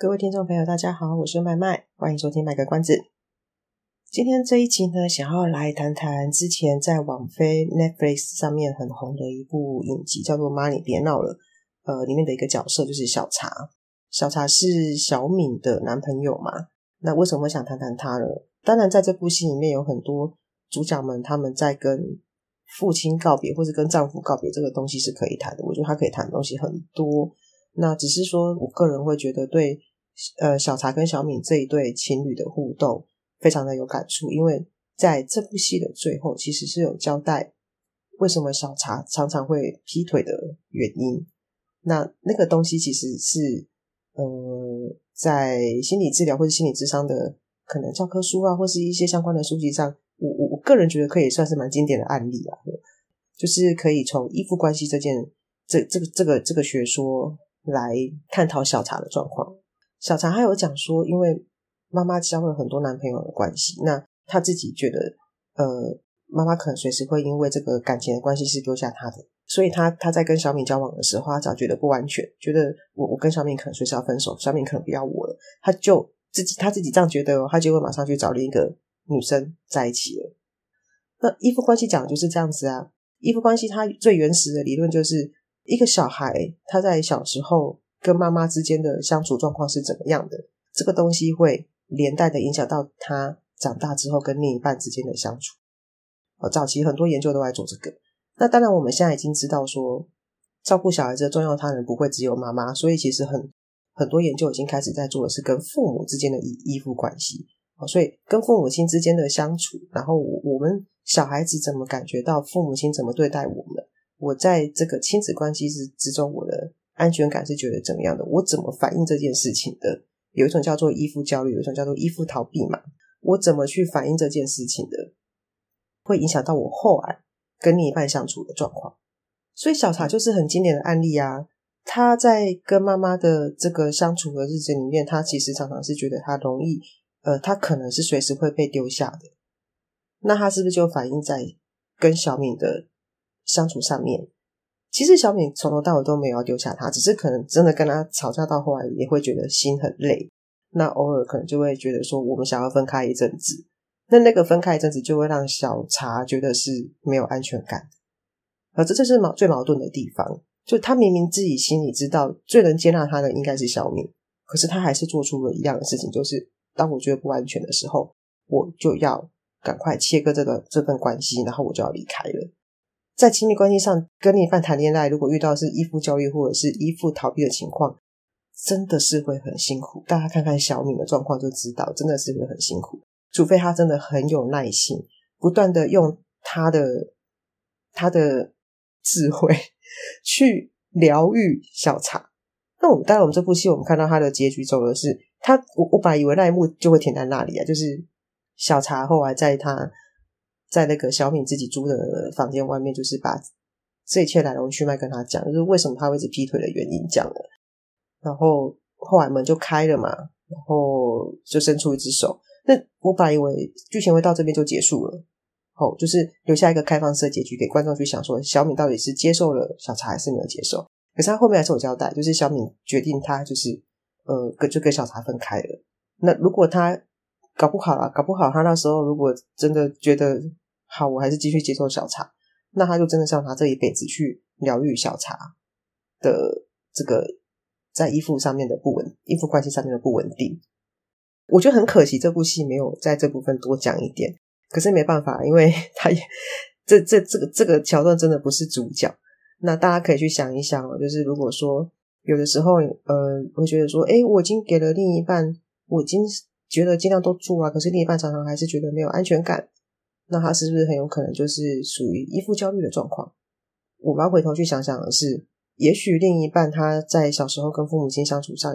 各位聽眾朋友，大家好，我是麥麥，歡迎收聽《麥克關子》。今天這一集呢，想要來談談之前在網飛 （Netflix） 上面很紅的一部影集，叫做《媽，你別鬧了》。呃，裡面的一個角色就是小查，小查是小敏的男朋友嘛？那為什麼想談談他呢？當然，在這部戲裡面有很多主角們他們在跟父親告別，或是跟丈夫告別，這個東西是可以談的。我覺得他可以談的東西很多。那只是說我個人會覺得對。呃，小查跟小敏這一對情侶的互動非常的有感觸，因為在這部戲的最後，其實是有交代為什麼小查常常會劈腿的原因。那那個東西其實是，呃，在心理治療或者心理諮商的可能教科書啊，或是一些相關的書籍上，我我我個人覺得可以算是蠻經典的案例啊，就是可以從依附關係這件這這個這個這個學說來探討小查的狀況。小查他有講說，因為媽媽交了很多男朋友的關係，那他自己覺得，呃，媽媽可能隨時會因為這個感情的關係是丟下他的，所以他他在跟小敏交往的時候，他早覺得不安全，覺得我我跟小敏可能隨時要分手，小敏可能不要我了，他就自己他自己這樣覺得，他就會馬上去找另一個女生在一起了。那依附關係講的就是這樣子啊，依附關係它最原始的理論就是一個小孩他在小時候。跟媽媽之間的相處狀況是怎麼樣的？這個東西會連帶的影響到他長大之後跟另一半之間的相處。哦，早期很多研究都在做這個。那當然，我們現在已經知道說，照顧小孩子的重要他人不會只有媽媽，所以其實很很多研究已經開始在做的是跟父母之間的依依附關係。哦，所以跟父母親之間的相處，然後我，我們小孩子怎麼感覺到父母親怎麼對待我們？我在這個親子關係之中，我的。安全感是覺得怎麼樣的？我怎麼反應這件事情的？有一種叫做依附焦慮，有一種叫做依附逃避嘛。我怎麼去反映這件事情的？會影響到我後來跟另一半相處的狀況。所以小查就是很經典的案例啊。他在跟媽媽的這個相處的日子裡面，他其實常常是覺得他容易，呃，他可能是隨時會被丟下的。那他是不是就反映在跟小敏的相處上面？其實小敏從頭到尾都沒有要丟下他，只是可能真的跟他吵架到後來也會覺得心很累，那偶爾可能就會覺得說我們想要分開一陣子，那那個分開一陣子就會讓小查覺得是沒有安全感，而這就是矛最矛盾的地方。就他明明自己心裡知道最能接納他的應該是小敏，可是他還是做出了一樣的事情，就是當我覺得不安全的時候，我就要趕快切割這個這份關係，然後我就要離開了。在親密關係上跟另一半談戀愛，如果遇到是依附焦慮或者是依附逃避的情況，真的是會很辛苦。大家看看小敏的狀況就知道，真的是會很辛苦。除非他真的很有耐心，不斷地用她的用他的他的智慧去療癒小查，那我們當然，待會我們這部戲我們看到他的結局走的是他，我我本來以為那一幕就會停在那裡啊，就是小查後來在他。在那個小敏自己租的房間外面，就是把這一切來龍去脈跟他講，就是為什麼他會一直劈腿的原因講了。然後後來門就開了嘛，然後就伸出一隻手。那我本來以為劇情會到這邊就結束了，好、哦，就是留下一個開放式結局給觀眾去想，說小敏到底是接受了小查還是沒有接受？可是他後面還是有交代，就是小敏決定他就是呃跟就跟小查分開了。那如果他搞不好啊，搞不好他那時候如果真的覺得。好，我還是繼續接受小查，那他就真的要拿這一輩子去療癒小查的這個在依附上面的不穩，依附關係上面的不穩定。我覺得很可惜，這部戲沒有在這部分多講一點。可是沒辦法，因為他也呵呵這這這個這個橋段真的不是主角。那大家可以去想一想哦，就是如果說有的時候，呃，我覺得說，哎、欸，我已經給了另一半，我已經覺得盡量都做啊，可是另一半常常還是覺得沒有安全感。那他是不是很有可能就是屬於依附焦慮的狀況？我們要回頭去想想的是，也許另一半他在小時候跟父母親相處上，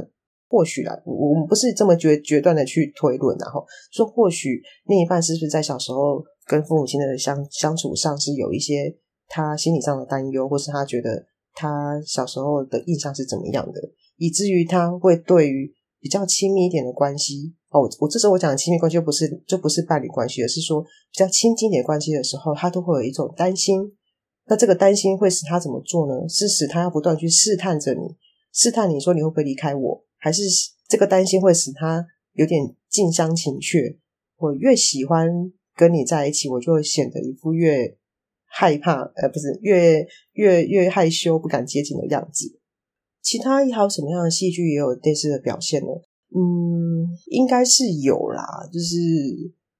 或許啦、啊，我們不是這麼決決斷的去推論、啊，然後說，或許另一半是不是在小時候跟父母親的相相處上是有一些他心理上的擔憂，或是他覺得他小時候的印象是怎麼樣的，以至於他會對於。比較親密一點的關係哦我，我這時候我講的親密關係就不是就不是伴侶關係，而是說比較親近一點關係的時候，他都會有一種擔心。那這個擔心會使他怎麼做呢？是使他要不斷去試探着你，試探你說你會不會離開我？還是這個擔心會使他有點近鄉情怯？我越喜歡跟你在一起，我就會顯得一副越害怕，呃，不是，越越越害羞，不敢接近的樣子。其他還有，什麼樣的戲劇也有類似的表現呢？嗯，應該是有啦，就是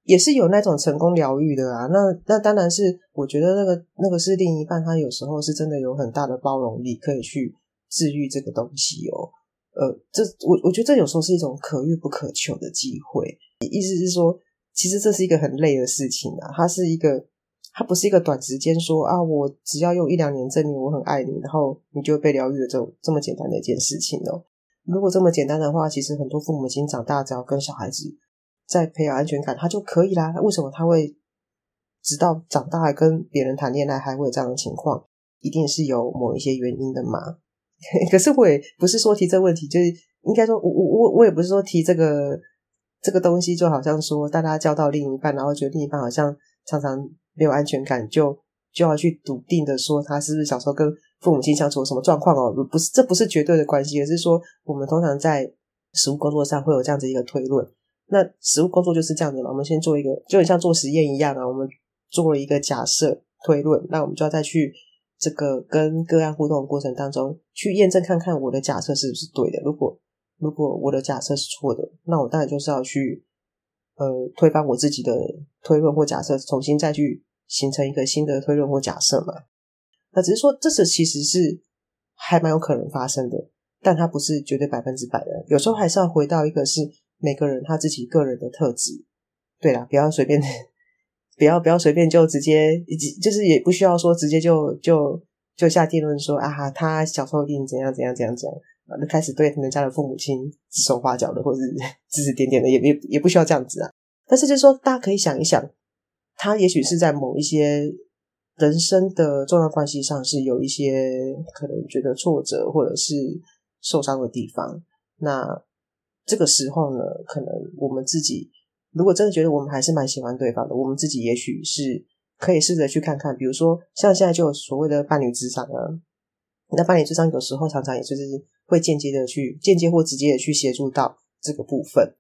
也是有那種成功療癒的啊。那那當然是，我覺得那個那個是另一半，他有時候是真的有很大的包容力，可以去治癒這個東西哦。呃，這我我覺得這有時候是一種可遇不可求的機會。意思是說，其實這是一個很累的事情啊，它是一個。他不是一個短時間說啊，我只要用一兩年證明我很愛你，然後你就被療癒了，這這麼簡單的一件事情哦。如果這麼簡單的話，其實很多父母已經長大，只要跟小孩子在培養安全感，他就可以啦。為什麼他會直到長大跟別人談戀愛，還會有這樣的情況？一定是有某一些原因的嘛。可是我也不是說提這問題，就是應該說我，我我我也不是說提這個這個東西，就好像說大家交到另一半，然後覺得另一半好像常常。沒有安全感，就就要去篤定的說他是不是小時候跟父母親相處什麼狀況哦？不是，這不是絕對的關係，而是說我們通常在實務工作上會有這樣子一個推論。那實務工作就是這樣子了，我們先做一個，就很像做實驗一樣啊。我們做了一個假設推論，那我們就要再去這個跟個案互動的過程當中去驗證看看我的假設是不是對的。如果如果我的假設是錯的，那我當然就是要去。呃，推翻我自己的推論或假設，重新再去形成一個新的推論或假設嘛。那只是說，這是其實是還蠻有可能發生的，但它不是絕對百分之百的。有時候還是要回到一個，是每個人他自己個人的特質。對啦，不要隨便，不要不要隨便就直接，就是也不需要說直接就就就下定論說，啊，他小時候一定怎樣怎樣怎樣怎樣。那就開始對人家的父母親指手畫腳的，或是指指點點的，也也也不需要這樣子啊。但是，就是說，大家可以想一想，他也許是在某一些人生的重要關係上，是有一些可能覺得挫折或者是受傷的地方。那這個時候呢，可能我們自己如果真的覺得我們還是蠻喜歡對方的，我們自己也許是可以試着去看看，比如說像現在就所謂的伴侶職場啊。那伴侶之上有時候常常也就是會間接的去間接或直接的去協助到這個部分，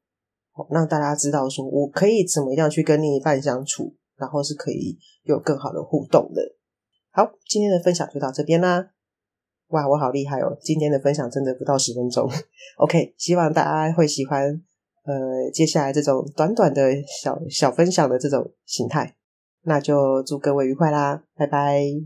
哦，讓大家知道說我可以怎麼樣去跟另一半相處，然後是可以有更好的互動的。好，今天的分享就到這邊啦。哇，我好厲害哦！今天的分享真的不到十分鐘。OK，希望大家會喜歡。呃，接下來這種短短的小小分享的這種形態，那就祝各位愉快啦，拜拜。